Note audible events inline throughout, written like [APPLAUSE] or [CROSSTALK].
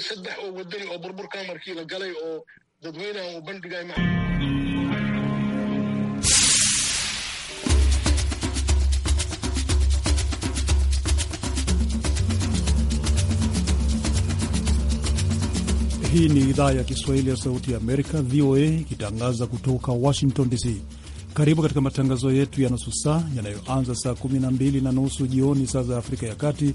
saddex oo wadani oo burburkaa markii la galay oo dadweynaha uu bandhigay Hii ni idhaa ya Kiswahili ya Sauti ya Amerika, VOA, ikitangaza kutoka Washington DC. Karibu katika matangazo yetu ya nusu saa yanayoanza saa 12 na nusu jioni saa za Afrika ya Kati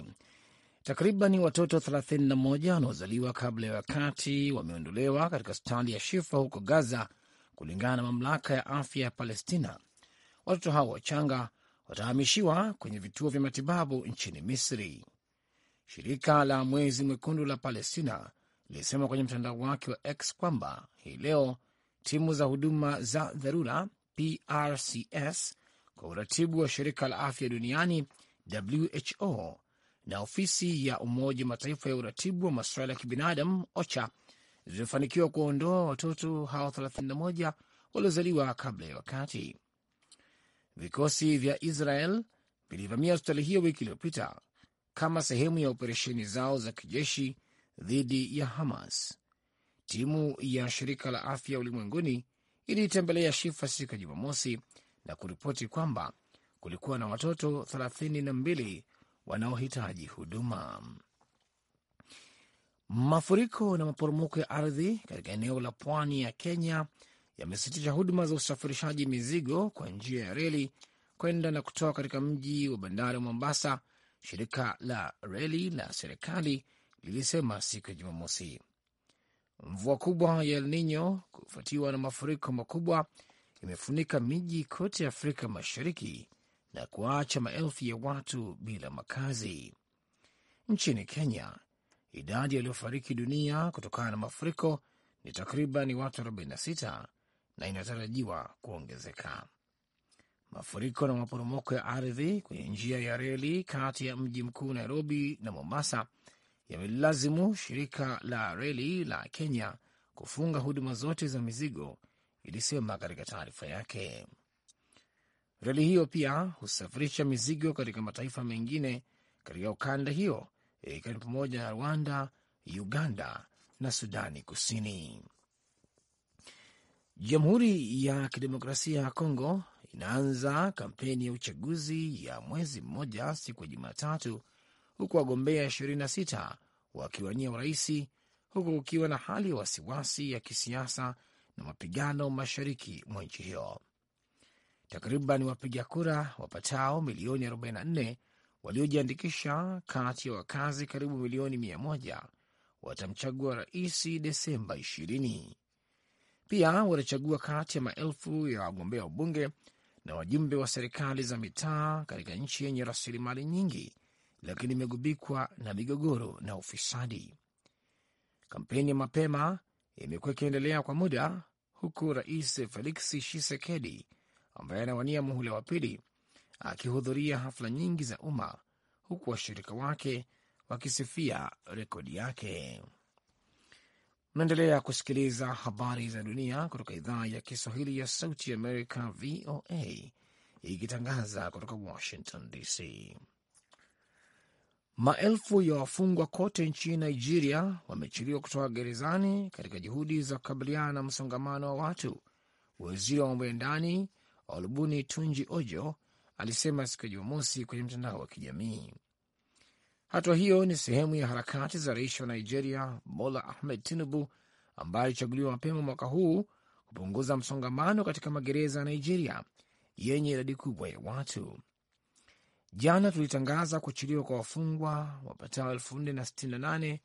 Takriban watoto 31 wanaozaliwa kabla ya wakati wameondolewa katika hospitali ya Shifa huko Gaza, kulingana na mamlaka ya afya ya Palestina. Watoto hao wachanga watahamishiwa kwenye vituo vya matibabu nchini Misri. Shirika la Mwezi Mwekundu la Palestina lilisema kwenye mtandao wake wa X kwamba hii leo timu za huduma za dharura PRCS kwa uratibu wa shirika la afya duniani WHO na ofisi ya Umoja Mataifa ya uratibu wa masuala ya kibinadamu OCHA zimefanikiwa kuondoa watoto hao 31 waliozaliwa kabla ya wakati. Vikosi vya Israel vilivamia hospitali hiyo wiki iliyopita kama sehemu ya operesheni zao za kijeshi dhidi ya Hamas. Timu ya shirika la afya ulimwenguni iliitembelea Shifa siku ya Jumamosi na kuripoti kwamba kulikuwa na watoto 32 wanaohitaji huduma. Mafuriko na maporomoko ya ardhi katika eneo la pwani ya Kenya yamesitisha huduma za usafirishaji mizigo kwa njia ya reli kwenda na kutoka katika mji wa bandari wa Mombasa, shirika la reli la serikali lilisema siku ya Jumamosi. Mvua kubwa ya El Nino kufuatiwa na mafuriko makubwa imefunika miji kote Afrika Mashariki na kuacha maelfu ya watu bila makazi. Nchini Kenya, idadi yaliyofariki dunia kutokana na mafuriko ni takriban watu 46 na inatarajiwa kuongezeka. Mafuriko na maporomoko ya ardhi kwenye njia ya reli kati ya mji mkuu Nairobi na Mombasa yamelazimu shirika la reli la Kenya kufunga huduma zote za mizigo, ilisema katika taarifa yake. Reli hiyo pia husafirisha mizigo katika mataifa mengine katika ukanda hiyo, ikiwa ni pamoja na Rwanda, Uganda na Sudani Kusini. Jamhuri ya Kidemokrasia ya Kongo inaanza kampeni ya uchaguzi ya mwezi mmoja siku ya Jumatatu, huku wagombea 26 wakiwania uraisi, huku kukiwa na hali ya wasiwasi ya kisiasa na mapigano mashariki mwa nchi hiyo. Takriban wapiga kura wapatao milioni 44 waliojiandikisha kati ya wakazi karibu milioni 100 watamchagua rais Desemba 20. Pia watachagua kati ya maelfu ya wagombea ubunge na wajumbe wa serikali za mitaa katika nchi yenye rasilimali nyingi lakini imegubikwa na migogoro na ufisadi. Kampeni ya mapema imekuwa ikiendelea kwa muda huku Rais Feliksi Shisekedi ambaye anawania muhula wa pili akihudhuria hafla nyingi za umma huku washirika wake wakisifia rekodi yake. Mnaendelea kusikiliza habari za dunia kutoka idhaa ya Kiswahili ya Sauti ya Amerika, VOA, ikitangaza kutoka Washington DC. Maelfu ya wafungwa kote nchini Nigeria wamechiliwa kutoka gerezani katika juhudi za kukabiliana na msongamano wa watu. Waziri wa mambo ya ndani Olubuni Tunji Ojo alisema siku ya Jumamosi kwenye mtandao wa kijamii. Hatua hiyo ni sehemu ya harakati za rais wa Nigeria Bola Ahmed Tinubu ambaye alichaguliwa mapema mwaka huu kupunguza msongamano katika magereza ya Nigeria yenye idadi kubwa ya watu. Jana tulitangaza kuachiliwa kwa wafungwa wapatao 468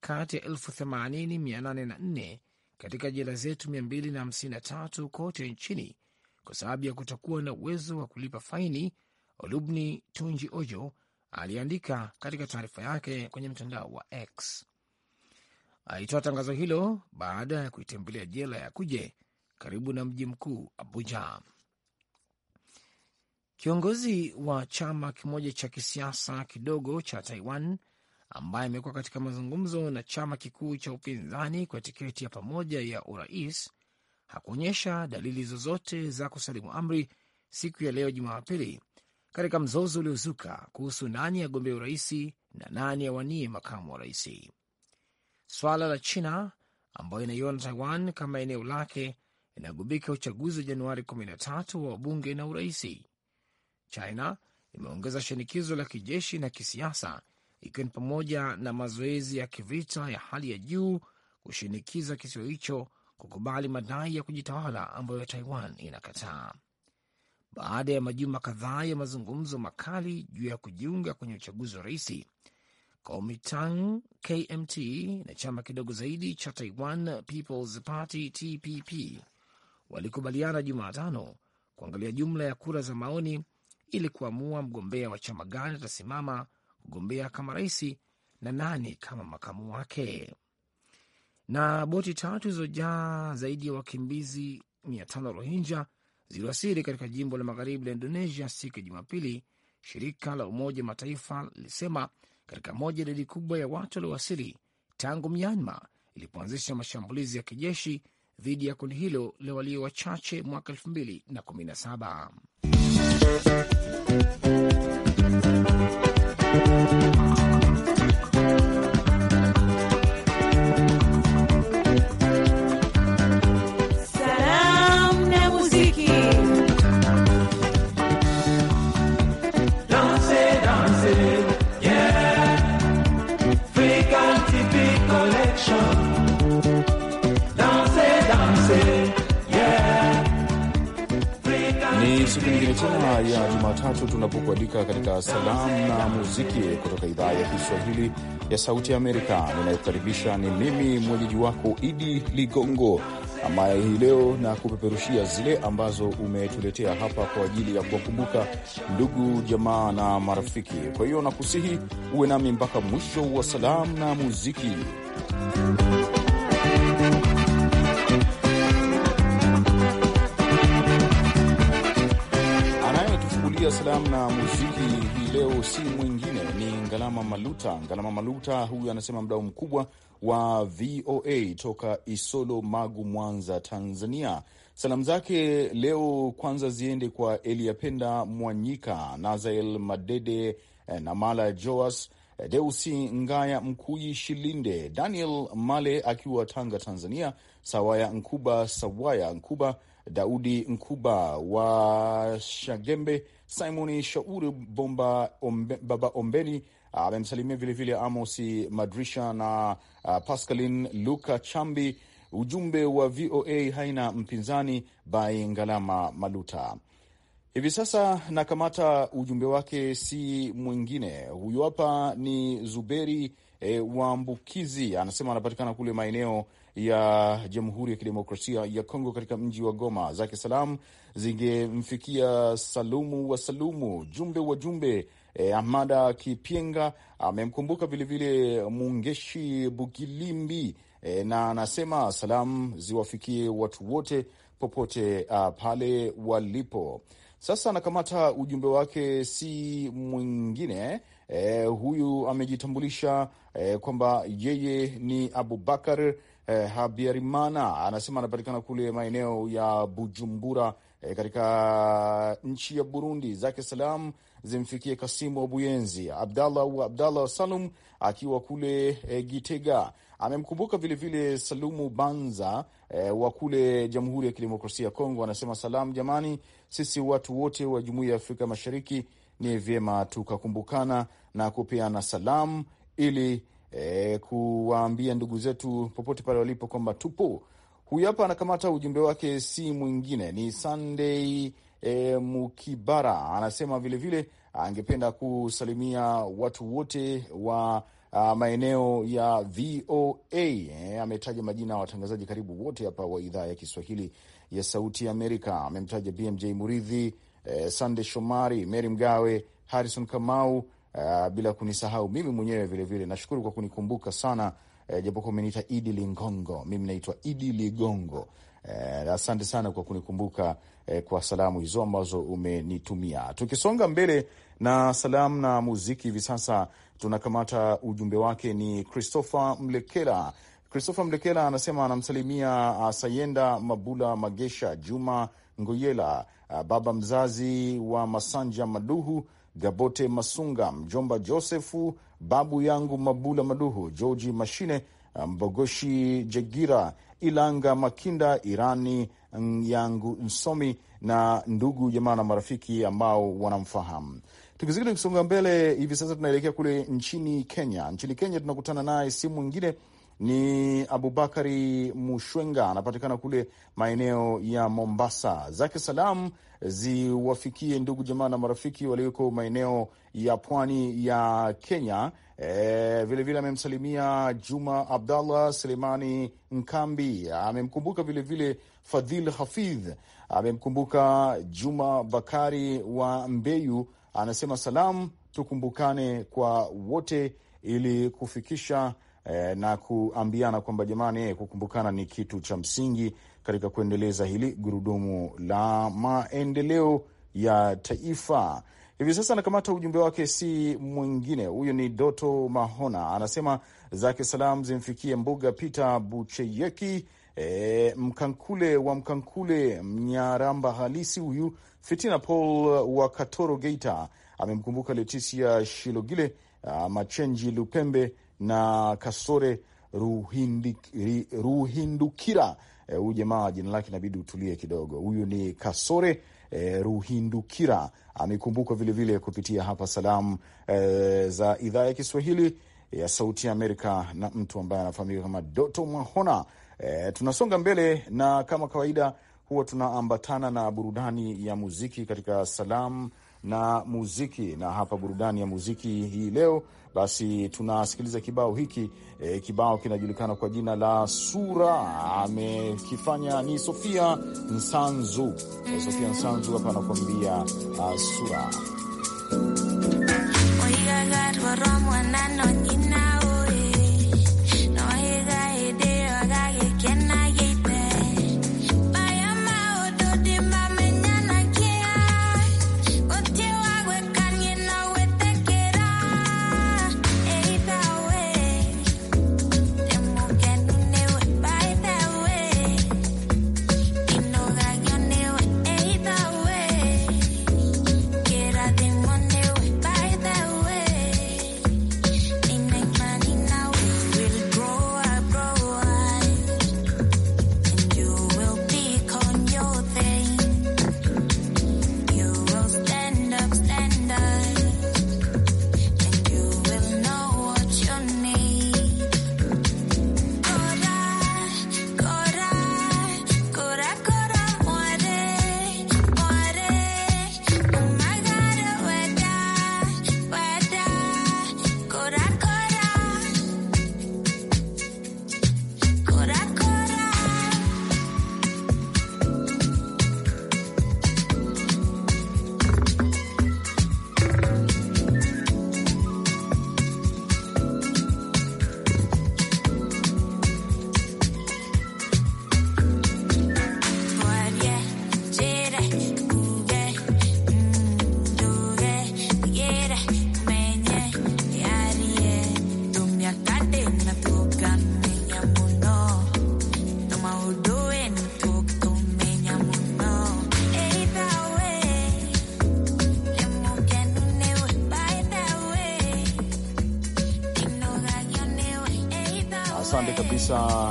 kati ya 804 katika jela zetu 253 kote nchini kwa sababu ya kutokuwa na uwezo wa kulipa faini. Olubni Tunji Ojo aliandika katika taarifa yake kwenye mtandao wa X. Alitoa tangazo hilo baada ya kuitembelea jela ya Kuje karibu na mji mkuu Abuja. Kiongozi wa chama kimoja cha kisiasa kidogo cha Taiwan ambaye amekuwa katika mazungumzo na chama kikuu cha upinzani kwa tiketi ya pamoja ya urais hakuonyesha dalili zozote za kusalimu amri siku ya leo Jumapili katika mzozo uliozuka kuhusu nani agombea uraisi na nani awanie makamu wa raisi. Swala la China ambayo inaiona Taiwan kama eneo lake inagubika uchaguzi wa Januari 13 wa wabunge na uraisi. China imeongeza shinikizo la kijeshi na kisiasa, ikiwa ni pamoja na mazoezi ya kivita ya hali ya juu kushinikiza kisiwa hicho kukubali madai ya kujitawala ambayo Taiwan inakataa. Baada ya majuma kadhaa ya mazungumzo makali juu ya kujiunga kwenye uchaguzi wa rais, Komitang KMT na chama kidogo zaidi cha Taiwan People's Party TPP walikubaliana Jumatano kuangalia jumla ya kura za maoni ili kuamua mgombea wa chama gani atasimama kugombea kama rais na nani kama makamu wake na boti tatu zilizojaa zaidi ya wakimbizi 500 rohinja ziliwasili katika jimbo la magharibi la Indonesia siku ya Jumapili, shirika la Umoja Mataifa lilisema katika moja idadi kubwa ya watu waliowasili tangu Myanmar ilipoanzisha mashambulizi ya kijeshi dhidi ya kundi hilo la walio wachache mwaka elfu2a 2017. tena ya Jumatatu tunapokualika katika salamu na muziki kutoka idhaa ya Kiswahili ya Sauti ya Amerika. Ninayekukaribisha ni mimi mwenyeji wako Idi Ligongo, ambaye hii leo na kupeperushia zile ambazo umetuletea hapa kwa ajili ya kuwakumbuka ndugu jamaa na marafiki. Kwa hiyo nakusihi uwe nami mpaka mwisho wa salamu na muziki. salam na Muziki hii leo si mwingine ni Ngalama Maluta. Ngalama Maluta huyu anasema mdau mkubwa wa VOA toka Isolo, Magu, Mwanza, Tanzania. Salamu zake leo kwanza ziende kwa Eliapenda Mwanyika, Nazael Madede eh, na Mala Joas Deusi Ngaya Mkuyi Shilinde, Daniel Male akiwa Tanga Tanzania, Sawaya Nkuba Sawaya Nkuba, Daudi Nkuba wa Shagembe, Simoni Shauri Bomba ombe, Baba Ombeni amemsalimia vilevile Amosi Madrisha na uh, Pascalin Luka Chambi. Ujumbe wa VOA haina mpinzani bai Ngalama Maluta. Hivi sasa nakamata ujumbe wake, si mwingine huyu hapa ni Zuberi e, Waambukizi. Anasema anapatikana kule maeneo ya Jamhuri ya Kidemokrasia ya Kongo katika mji wa Goma. Zake salamu zingemfikia Salumu wa Salumu, Jumbe wa Jumbe, E, Ahmada Kipyenga amemkumbuka vilevile Mungeshi Bukilimbi e, na anasema salamu ziwafikie watu wote popote pale walipo. Sasa anakamata ujumbe wake, si mwingine e, huyu amejitambulisha e, kwamba yeye ni Abubakar e, eh, Habiarimana. Anasema anapatikana kule maeneo ya Bujumbura e, katika nchi ya Burundi. Zake salam zimfikie Kasimu Buyenzi, Abdallah Abdallah Salum akiwa kule e, Gitega amemkumbuka vilevile Salumu Banza e, wa kule Jamhuri ya Kidemokrasia ya Kongo. Anasema salam jamani, sisi watu wote wa Jumuiya ya Afrika Mashariki ni vyema tukakumbukana na kupeana salamu ili e, kuwaambia ndugu zetu popote pale walipo kwamba tupo. Huyu hapa anakamata ujumbe wake, si mwingine ni Sunday e, Mukibara, anasema vilevile angependa kusalimia watu wote wa a, ah, maeneo ya VOA e, eh, ametaja majina ya watangazaji karibu wote hapa wa idhaa ya Kiswahili ya Sauti ya Amerika. Amemtaja BMJ Muridhi, eh, Sande Shomari, Meri Mgawe, Harrison Kamau, eh, bila kunisahau mimi mwenyewe vilevile. Nashukuru kwa kunikumbuka sana eh, japokuwa umeniita Idi Lingongo, mimi naitwa Idi Ligongo. Eh, asante sana kwa kunikumbuka eh, kwa salamu hizo ambazo umenitumia. Tukisonga mbele na salamu na muziki, hivi sasa tunakamata ujumbe wake ni Christopher Mlekela Christopher Mlekela anasema anamsalimia uh, Sayenda Mabula Magesha, Juma Ngoyela, uh, baba mzazi wa Masanja Maduhu, Gabote Masunga, mjomba Josefu, babu yangu Mabula Maduhu, Georgi Mashine, ah, Mbogoshi Jegira, Ilanga Makinda, Irani yangu nsomi na ndugu jamaa na marafiki ambao wanamfahamu. Tukizidi kusonga mbele, hivi sasa tunaelekea kule nchini Kenya. Nchini Kenya tunakutana naye simu ingine ni Abubakari Mushwenga, anapatikana kule maeneo ya Mombasa. Zake salamu ziwafikie ndugu jamaa na marafiki walioko maeneo ya pwani ya Kenya. Vilevile vile amemsalimia Juma Abdallah Selemani Nkambi, amemkumbuka vilevile Fadhil Hafidh, amemkumbuka Juma Bakari wa Mbeyu. Anasema salamu tukumbukane kwa wote ili kufikisha eh, na kuambiana kwamba jamani, eh, kukumbukana ni kitu cha msingi katika kuendeleza hili gurudumu la maendeleo ya taifa. Hivi sasa anakamata ujumbe wake, si mwingine huyu, ni Doto Mahona, anasema zake salam zimfikie Mbuga Peter Bucheyeki, e, Mkankule wa Mkankule, Mnyaramba halisi huyu, Fitina Paul wa Katoro Geita, amemkumbuka Letisia Shilogile, a, ah, Machenji Lupembe na Kasore Ruhindukira. E, huyu e, jamaa jina lake inabidi utulie kidogo. Huyu ni Kasore e, Ruhindukira, amekumbukwa vilevile kupitia hapa salamu e, za idhaa ya Kiswahili ya Sauti ya Amerika, na mtu ambaye anafahamika kama Doto Mwahona. E, tunasonga mbele na kama kawaida huwa tunaambatana na burudani ya muziki katika salamu na muziki, na hapa burudani ya muziki hii leo basi tunasikiliza kibao hiki e, kibao kinajulikana kwa jina la Sura, amekifanya ni Sofia Nsanzu. E, Sofia Nsanzu hapa anakuambia yeah, uh, Sura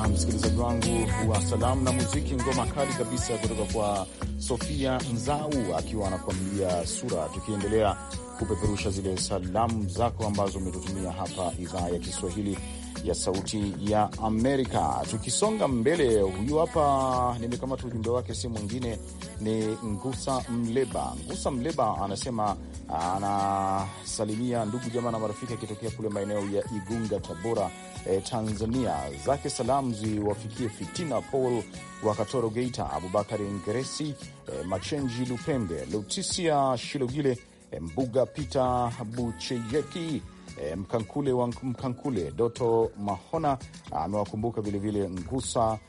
msikilizaji wangu wa salamu na muziki, ngoma kali kabisa kutoka kwa Sofia Nzau akiwa anakuambia sura, tukiendelea kupeperusha zile salamu zako ambazo umetutumia hapa idhaa ya Kiswahili ya Sauti ya Amerika. Tukisonga mbele, huyu hapa nimekamata ujumbe wake, si mwingine ni Ngusa Mleba. Ngusa Mleba anasema anasalimia ndugu jamaa na marafiki akitokea kule maeneo ya Igunga, Tabora, eh, Tanzania. Zake salamu ziwafikie Fitina Paul wa Katoro, Geita, Abubakari Ngeresi, eh, Machenji Lupembe, Lutisia Shilogile, eh, Mbuga Peter Bucheyeki e, Mkankule wa Mkankule. Doto Mahona ah, amewakumbuka vilevile Ngusa a,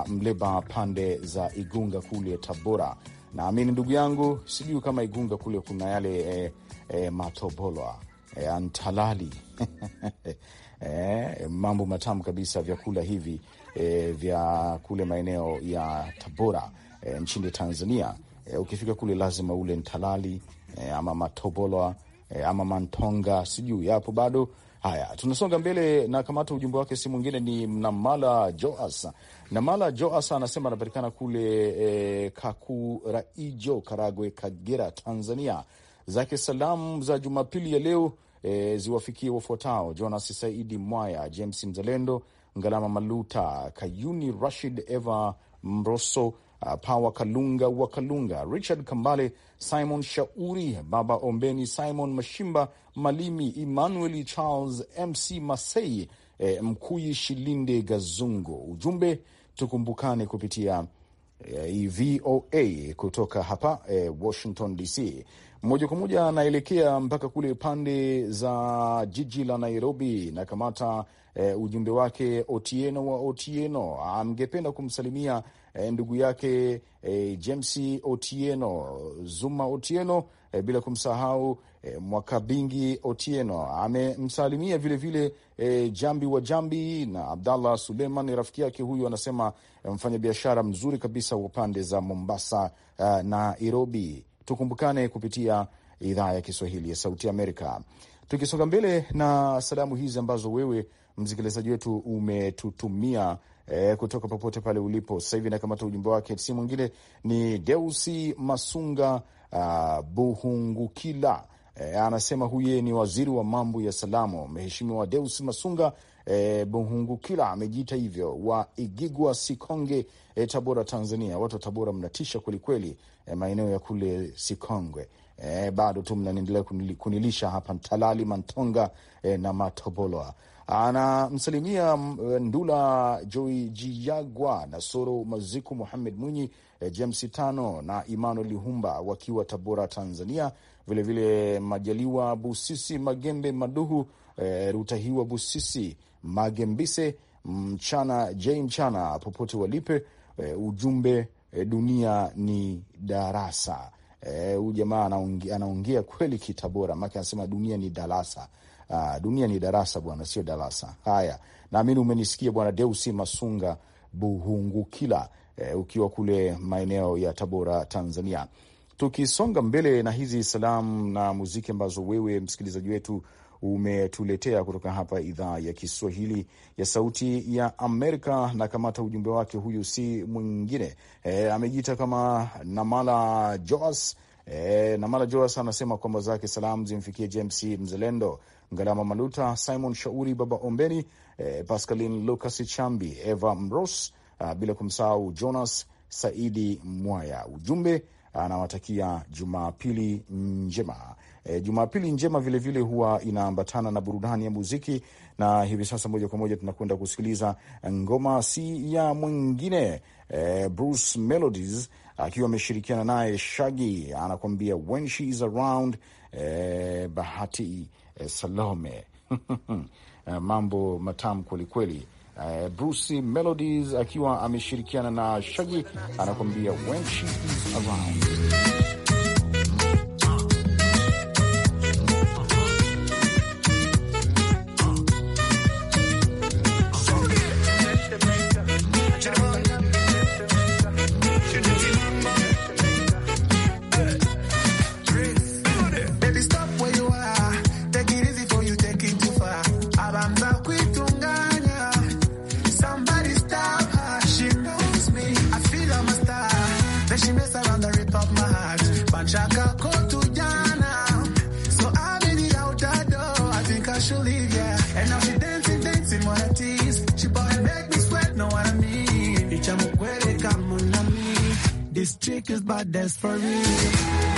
ah, Mleba pande za Igunga kule Tabora. Naamini ndugu yangu, sijui kama Igunga kule kuna yale e, eh, e, eh, matobolwa e, antalali [LAUGHS] E, mambo matamu kabisa vyakula hivi e, vya kule maeneo ya Tabora e, nchini Tanzania. E, ukifika kule lazima ule ntalali e, ama matobolwa e, ama Mantonga sijui yapo bado. Haya, tunasonga mbele na kamata ujumbe wake, si mwingine ni Namala Joas. Namala Joas anasema anapatikana kule e, Kakuraijo, Karagwe, Kagera, Tanzania. Zake salamu za Jumapili ya leo e, ziwafikie wafuatao: Jonas Saidi Mwaya, James Mzalendo, Ngalama Maluta, Kayuni Rashid, Eva Mroso Ah, Pawa Kalunga wa Kalunga, Richard Kambale, Simon Shauri, Baba Ombeni, Simon Mashimba, Malimi Emmanuel, Charles Mc Masei, e, Mkuyi Shilinde Gazungo. Ujumbe tukumbukane kupitia eh, e, VOA kutoka hapa e, Washington DC. Moja kwa moja anaelekea mpaka kule pande za jiji la Nairobi na kamata e, ujumbe wake Otieno wa Otieno, angependa ah, kumsalimia e, ndugu yake e, James Otieno, Zuma Otieno e, bila kumsahau e, Mwakabingi Otieno amemsalimia vilevile e, Jambi wa Jambi na Abdallah Suleiman rafiki yake huyu, anasema e, mfanyabiashara mzuri kabisa wa pande za Mombasa a, na Nairobi. Tukumbukane kupitia idhaa ya Kiswahili ya Sauti Amerika. Tukisonga mbele na salamu hizi ambazo wewe msikilizaji wetu umetutumia e, kutoka popote pale ulipo sasa hivi. Nakamata ujumbe wake, si mwingine ni Deusi Masunga uh, Buhungukila. E, anasema huye ni waziri wa mambo ya salamu, mheshimiwa Deusi Masunga e, Buhungukila amejiita hivyo, wa Igigwa Sikonge e, Tabora, Tanzania. Watu wa Tabora mnatisha kwelikweli, e, maeneo ya kule Sikongwe e, bado tu mnaendelea kunilisha hapa Ntalali, Mantonga e, na Matobolwa anamsalimia mm, eh, Ndula na Nasoro Maziku, Muhamed Mwinyi, eh, James Tano na Emmanuel Lihumba wakiwa Tabora, Tanzania. Vilevile vile Majaliwa Busisi, Magembe Maduhu, e, Rutahiwa Busisi, Magembise Mchana J Mchana, popote walipe. E, ujumbe e, dunia ni darasa. Huyu e, jamaa anaongea kweli kitabora, make anasema dunia ni darasa Aa, ah, dunia ni darasa bwana, sio darasa. Haya, naamini umenisikia bwana Deusi Masunga Buhungukila e, ukiwa kule maeneo ya Tabora, Tanzania. Tukisonga mbele na hizi salamu na muziki ambazo wewe msikilizaji wetu umetuletea kutoka hapa idhaa ya Kiswahili ya Sauti ya Amerika. Na kamata ujumbe wake, huyu si mwingine e, amejiita kama Namala Joas. E, Namala Joas anasema kwamba zake salamu zimfikie James Mzelendo Ngalama Maluta, Simon Shauri, Baba Ombeni, eh, Pascalin Lucas Chambi, Eva Mros, ah, bila kumsahau Jonas Saidi Mwaya. Ujumbe anawatakia ah, Jumapili njema. E, Jumapili njema vilevile vile huwa inaambatana na burudani ya muziki, na hivi sasa moja kwa moja tunakwenda kusikiliza ngoma si ya mwingine e, Bruce Melodies akiwa ameshirikiana naye Shaggy anakuambia when she is around. E, bahati eh, Salome [LAUGHS] eh, mambo matamu kwelikweli. Uh, eh, Bruce Melodies akiwa ameshirikiana na Shaggy anakuambia when she is around she mess around the rip up my heart. But Banchaka go to Ghana. So I made it out that door. I think I should leave, yeah. And now she dancing, dancing, what a tease. She bought and make me sweat, know what I mean. It's a come on me. This chick is bad, that's for me.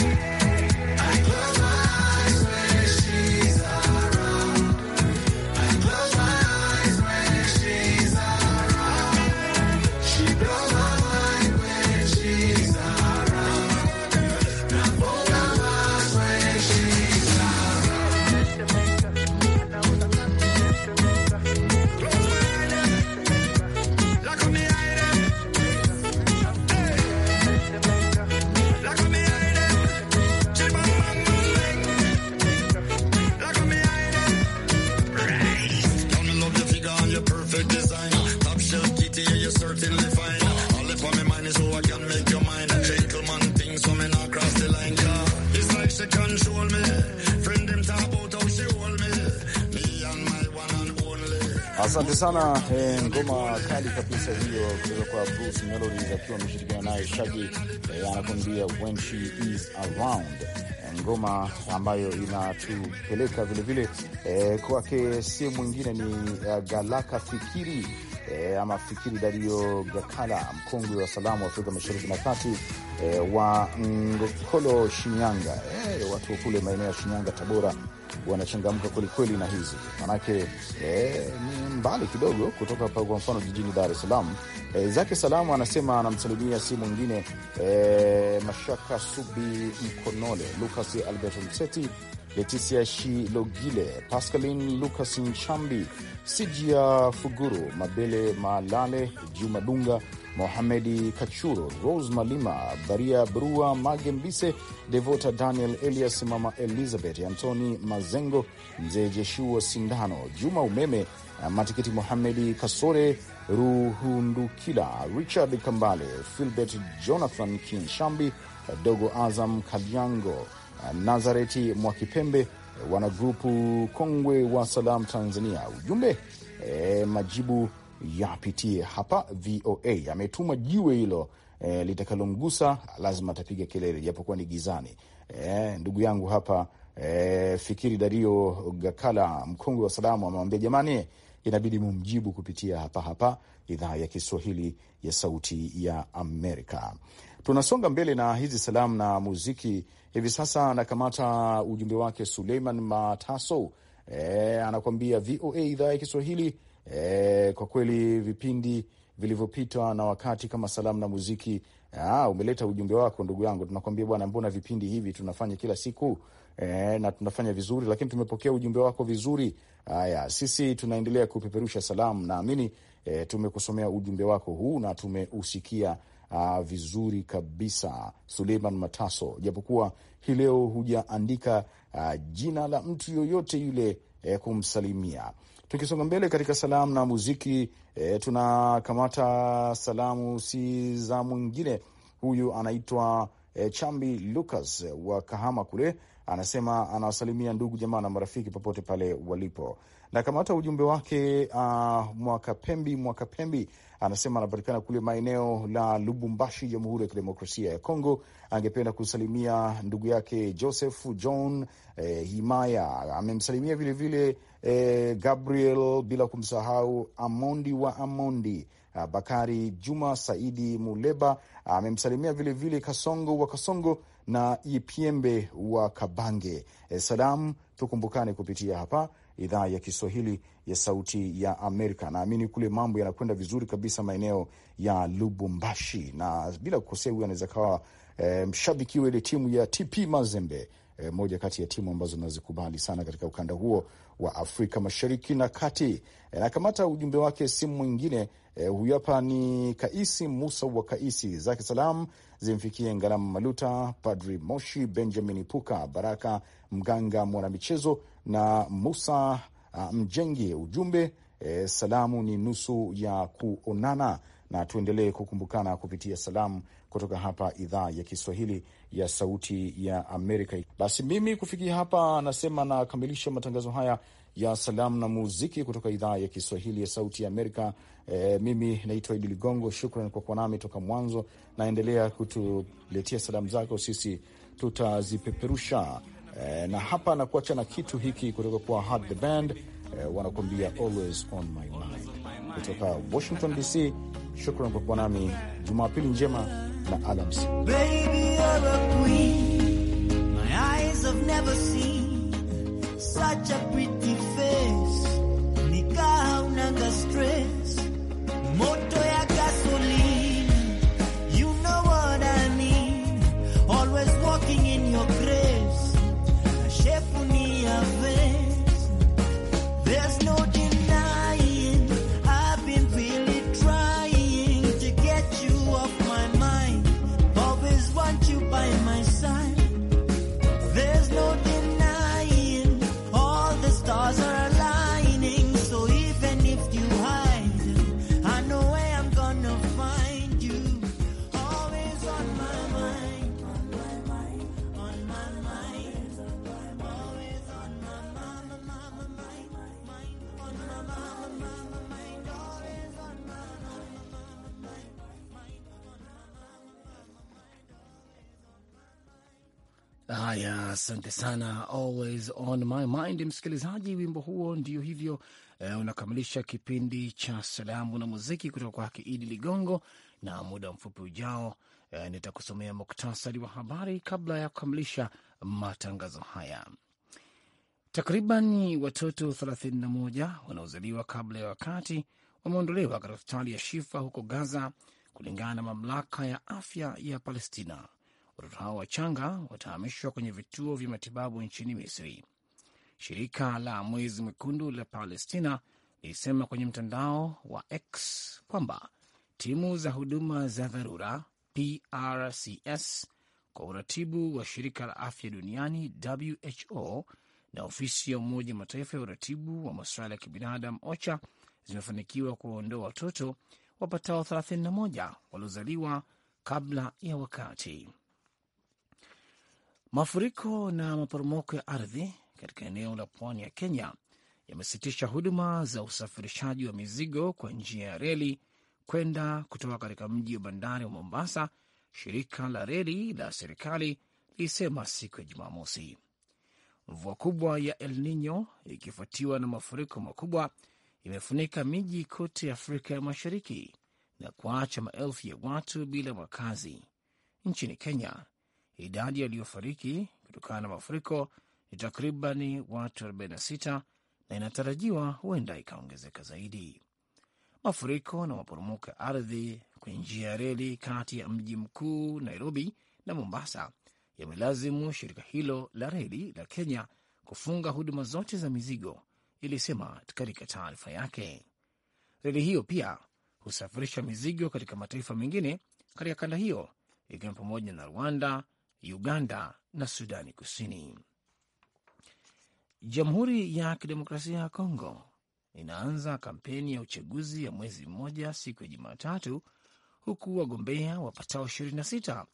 Asante sana eh, ngoma kali kabisa hiyo kutoka kwa Bruce Melodies akiwa ameshirikiana naye Shaggy eh, anakuambia when she is around eh, ngoma ambayo inatupeleka vilevile eh, kwake sehemu ingine ni uh, Galaka Fikiri eh, ama Fikiri Dario Gakala mkongwe wa salamu Afrika Mashariki na Kati eh, wa Ngokolo Shinyanga eh, watu kule maeneo ya Shinyanga, Tabora wanachangamka kwelikweli na hizi manake eh, ni mbali kidogo kutoka pa, kwa mfano jijini Dar es Salaam. E, eh, zake salamu anasema anamsalimia si mwingine e, Mashaka Subi Mkonole, Lukas Albert Mseti Leticia Shilogile, Pascalin Lucas Nchambi, Sijia Fuguru, Mabele Malale, Juma Dunga, Mohamedi Kachuro, Rose Malima, Baria Brua, Mage Mbise, Devota Daniel Elias, Mama Elizabeth, Antoni Mazengo, Mzee Jeshua Sindano, Juma Umeme, eh, Matikiti Mohamedi Kasore, Ruhundukila, Richard Kambale, Filbert Jonathan Kinshambi, Dogo Azam Kalyango Nazareti mwa Kipembe, wanagrupu kongwe wa Salam Tanzania. Ujumbe e, majibu yapitie hapa VOA. Ametuma jiwe hilo e, litakalomgusa lazima atapiga kelele, japokuwa ni gizani. E, ndugu yangu hapa e, Fikiri Dario Gakala, mkongwe wa salamu, amewambia jamani, inabidi mumjibu kupitia hapa hapa idhaa ya Kiswahili ya Sauti ya Amerika. Tunasonga mbele na hizi salamu na muziki hivi sasa anakamata ujumbe wake Suleiman Mataso e, anakuambia VOA idhaa ya Kiswahili. E, kwa kweli vipindi vilivyopita na wakati kama salamu na muziki. Aa, umeleta ujumbe wako ndugu yangu, tunakwambia bwana, mbona vipindi hivi tunafanya kila siku e, na tunafanya vizuri, lakini tumepokea ujumbe wako vizuri. Haya, sisi tunaendelea kupeperusha salamu, naamini e, tumekusomea ujumbe wako huu na tumeusikia uh, vizuri kabisa Suleiman Mataso, japokuwa hii leo hujaandika uh, jina la mtu yoyote yule eh, kumsalimia. Tukisonga mbele katika salamu na muziki eh, tunakamata salamu si za mwingine, huyu anaitwa eh, Chambi Lucas wa Kahama kule anasema anawasalimia ndugu jamaa na marafiki popote pale walipo, na kamata ujumbe wake. Uh, ah, Mwakapembi Mwakapembi anasema anapatikana kule maeneo la Lubumbashi, Jamhuri ya Kidemokrasia ya Kongo. Angependa kusalimia ndugu yake Joseph John eh, Himaya amemsalimia vilevile eh, Gabriel, bila kumsahau Amondi wa Amondi ah, Bakari Juma Saidi Muleba amemsalimia vilevile Kasongo wa Kasongo na Ipiembe wa Kabange. Eh, salamu tukumbukane kupitia hapa idhaa ya Kiswahili ya Sauti ya Amerika. Naamini kule mambo yanakwenda vizuri kabisa maeneo ya Lubumbashi, na bila kukosea, huyu anaweza kawa e, mshabiki wa ile timu ya TP Mazembe, e, moja kati ya timu ambazo nazikubali sana katika ukanda huo wa Afrika Mashariki na Kati. E, nakamata ujumbe wake simu mwingine e, huyu hapa ni Kaisi Musa wa Kaisi, zake salam zimfikie Ngalama Maluta, Padri Moshi, Benjamin Puka, Baraka Mganga, mwanamichezo na Musa Mjengi. Ujumbe e, salamu ni nusu ya kuonana, na tuendelee kukumbukana kupitia salamu kutoka hapa idhaa ya Kiswahili ya Sauti ya Amerika. Basi mimi kufikia hapa nasema nakamilisha matangazo haya ya salamu na muziki kutoka idhaa ya Kiswahili ya Sauti ya Amerika. E, mimi naitwa Idi Ligongo, shukran kwa kuwa nami toka mwanzo. Naendelea kutuletea salamu zako, sisi tutazipeperusha Eh, na hapa nakuacha na kitu hiki kutoka kwa Hart the Band eh, wanakuambia always on my mind kutoka Washington DC. Shukran kwa kuwa nami, Jumapili njema na alamsi. Baby, Asante sana, always on my mind, msikilizaji. Wimbo huo ndio hivyo eh, unakamilisha kipindi cha salamu na muziki kutoka kwake Idi Ligongo, na muda mfupi ujao eh, nitakusomea muktasari wa habari kabla ya kukamilisha matangazo haya. Takriban watoto 31 wanaozaliwa kabla ya wakati wameondolewa katika hospitali ya Shifa huko Gaza, kulingana na mamlaka ya afya ya Palestina. Watoto hao wachanga watahamishwa kwenye vituo vya matibabu nchini Misri. Shirika la Mwezi Mwekundu la Palestina lilisema kwenye mtandao wa X kwamba timu za huduma za dharura PRCS kwa uratibu wa shirika la afya duniani WHO na ofisi ya Umoja Mataifa ya uratibu wa masuala ya kibinadamu OCHA zimefanikiwa kuwaondoa watoto wapatao 31 waliozaliwa kabla ya wakati. Mafuriko na maporomoko ya ardhi katika eneo la pwani ya Kenya yamesitisha huduma za usafirishaji wa mizigo kwa njia ya reli kwenda kutoka katika mji wa bandari wa Mombasa, shirika la reli la serikali lilisema siku ya Jumamosi. Mvua kubwa ya El Nino ikifuatiwa na mafuriko makubwa imefunika miji kote Afrika ya Mashariki na kuacha maelfu ya watu bila makazi. Nchini Kenya, idadi yaliyofariki kutokana na mafuriko ni takribani watu 46 na inatarajiwa huenda ikaongezeka zaidi. Mafuriko na maporomoko ya ardhi kwenye njia ya reli kati ya mji mkuu Nairobi na Mombasa yamelazimu shirika hilo la reli la Kenya kufunga huduma zote za mizigo, ilisema katika taarifa yake. Reli hiyo pia husafirisha mizigo katika mataifa mengine katika kanda hiyo, ikiwa pamoja na Rwanda, Uganda na Sudani Kusini. Jamhuri ya Kidemokrasia ya Kongo inaanza kampeni ya uchaguzi ya mwezi mmoja siku ya Jumatatu, huku wagombea wapatao 26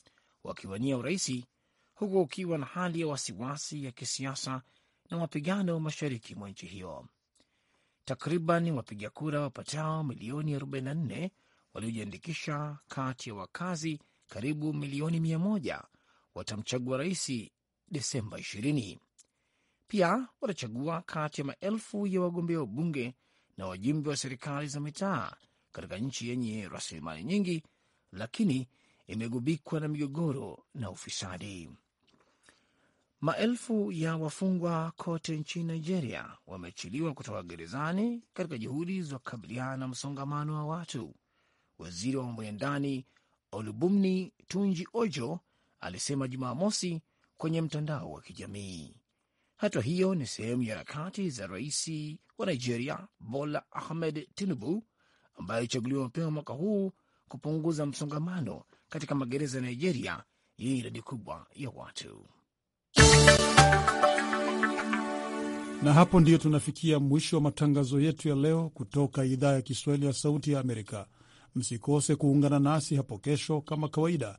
wakiwania uraisi, huku ukiwa na hali ya wasiwasi ya kisiasa na mapigano mashariki mwa nchi hiyo. Takriban wapiga kura wapatao milioni 44 waliojiandikisha kati ya wakazi karibu milioni 100 watamchagua rais Desemba 20. Pia watachagua kati ya maelfu ya wagombea wa bunge na wajumbe wa serikali za mitaa katika nchi yenye rasilimali nyingi, lakini imegubikwa na migogoro na ufisadi. Maelfu ya wafungwa kote nchini Nigeria wameachiliwa kutoka gerezani katika juhudi za kukabiliana na msongamano wa watu. Waziri wa mambo ya ndani Olubumni Tunji Ojo alisema Jumamosi kwenye mtandao wa kijamii. Hatua hiyo ni sehemu ya harakati za rais wa Nigeria Bola Ahmed Tinubu ambaye alichaguliwa mapema mwaka huu kupunguza msongamano katika magereza ya Nigeria yenye idadi kubwa ya watu. Na hapo ndiyo tunafikia mwisho wa matangazo yetu ya leo kutoka idhaa ya Kiswahili ya Sauti ya Amerika. Msikose kuungana nasi hapo kesho kama kawaida